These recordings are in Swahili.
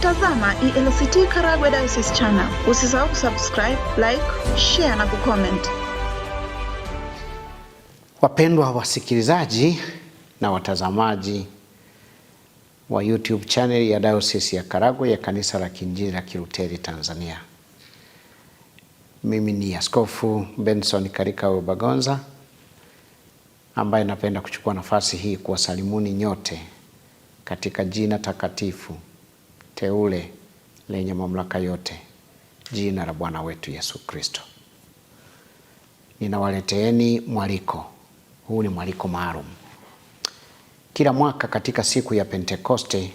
Unatazama ELCT Karagwe Diocese Channel. Usisahau kusubscribe, like, share na kucomment. Wapendwa wasikilizaji na watazamaji wa YouTube channel ya Diocese ya Karagwe ya Kanisa la kinjili la kiruteri Tanzania. Mimi ni Askofu Benson Karika Ubagonza ambaye napenda kuchukua nafasi hii kuwasalimuni nyote katika jina takatifu teule lenye mamlaka yote, jina la Bwana wetu Yesu Kristo. Ninawaleteeni mwaliko huu, ni mwaliko maalum. Kila mwaka katika siku ya Pentekoste,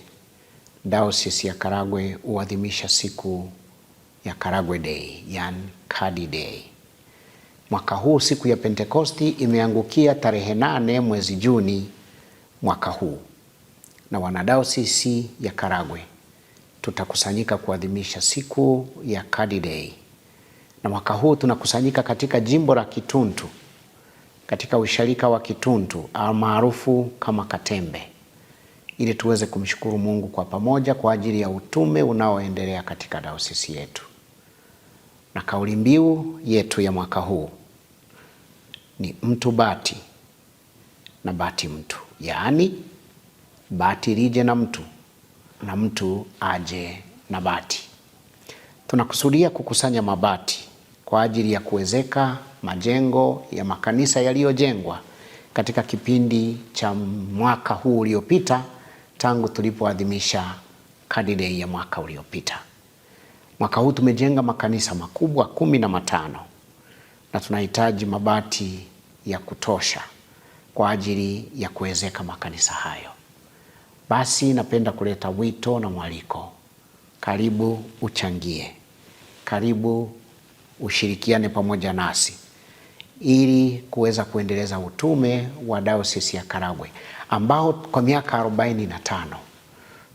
Dayosisi ya Karagwe huadhimisha siku ya Karagwe Day, yani Kadi Day. Mwaka huu siku ya Pentekosti imeangukia tarehe nane mwezi Juni mwaka huu, na wanadayosisi ya Karagwe tutakusanyika kuadhimisha siku ya Kadi Day, na mwaka huu tunakusanyika katika jimbo la Kituntu katika usharika wa Kituntu almaarufu kama Katembe ili tuweze kumshukuru Mungu kwa pamoja kwa ajili ya utume unaoendelea katika dayosisi yetu. Na kauli mbiu yetu ya mwaka huu ni mtu bati na bati mtu, yaani bati lije na mtu na mtu aje na bati. Tunakusudia kukusanya mabati kwa ajili ya kuwezeka majengo ya makanisa yaliyojengwa katika kipindi cha mwaka huu uliopita tangu tulipoadhimisha kadidei Day ya mwaka uliopita. Mwaka huu tumejenga makanisa makubwa kumi na matano na tunahitaji mabati ya kutosha kwa ajili ya kuwezeka makanisa hayo. Basi napenda kuleta wito na mwaliko, karibu uchangie, karibu ushirikiane pamoja nasi ili kuweza kuendeleza utume wa Dayosisi ya Karagwe ambao kwa miaka arobaini na tano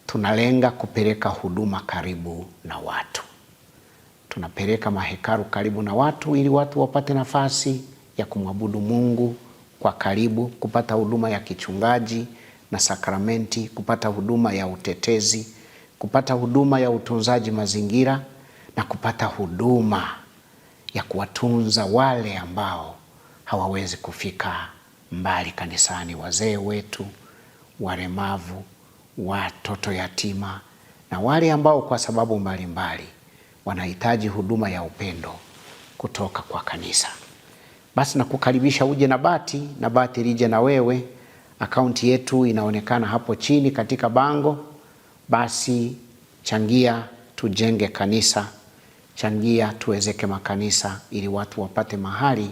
tunalenga kupeleka huduma karibu na watu. Tunapeleka mahekalu karibu na watu ili watu wapate nafasi ya kumwabudu Mungu kwa karibu, kupata huduma ya kichungaji na sakramenti, kupata huduma ya utetezi, kupata huduma ya utunzaji mazingira na kupata huduma ya kuwatunza wale ambao hawawezi kufika mbali kanisani, wazee wetu, walemavu, watoto yatima na wale ambao kwa sababu mbalimbali wanahitaji huduma ya upendo kutoka kwa kanisa. Basi nakukaribisha uje na bati na bati lije na wewe akaunti yetu inaonekana hapo chini katika bango. Basi changia tujenge kanisa, changia tuwezeke makanisa, ili watu wapate mahali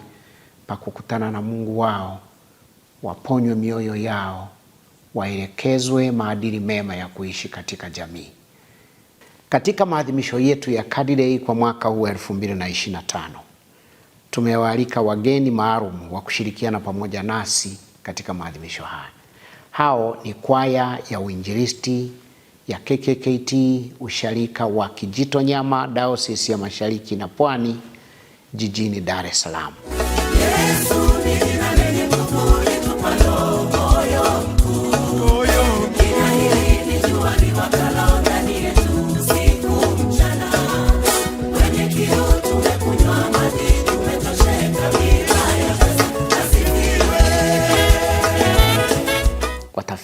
pa kukutana na Mungu wao, waponywe mioyo yao, waelekezwe maadili mema ya kuishi katika jamii. Katika maadhimisho yetu ya Kadidei kwa mwaka huu tano tumewaalika wageni maalum wa kushirikiana pamoja nasi katika maadhimisho haya. Hao ni kwaya ya uinjilisti ya KKKT usharika wa Kijitonyama, Dayosisi ya Mashariki na Pwani, jijini Dar es Salaam. Yesu.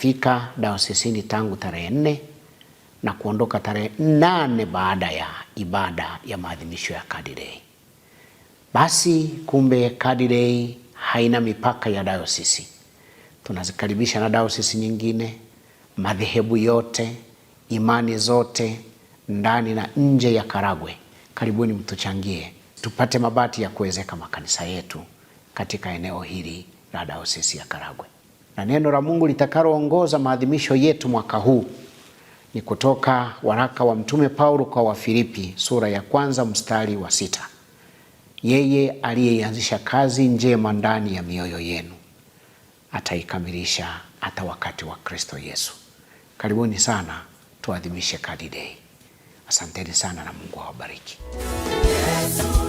nimefika daosisini tangu tarehe nne na kuondoka tarehe nane baada ya ibada ya maadhimisho ya Kadidei. Basi kumbe Kadidei haina mipaka ya dayosisi, tunazikaribisha na dayosisi nyingine, madhehebu yote, imani zote ndani na nje ya Karagwe. Karibuni mtuchangie tupate mabati ya kuwezeka makanisa yetu katika eneo hili la dayosisi ya Karagwe na neno la Mungu litakaloongoza maadhimisho yetu mwaka huu ni kutoka waraka wa Mtume Paulo kwa Wafilipi sura ya kwanza mstari wa sita yeye aliyeianzisha kazi njema ndani ya mioyo yenu ataikamilisha hata wakati wa Kristo Yesu. Karibuni sana tuadhimishe Kadidei. Asanteni sana na Mungu awabariki. Yesu.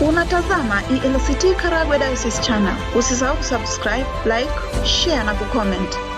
Unatazama ELCT Karagwe Diocese Channel. Usisahau kusubscribe, like, share na kucomment.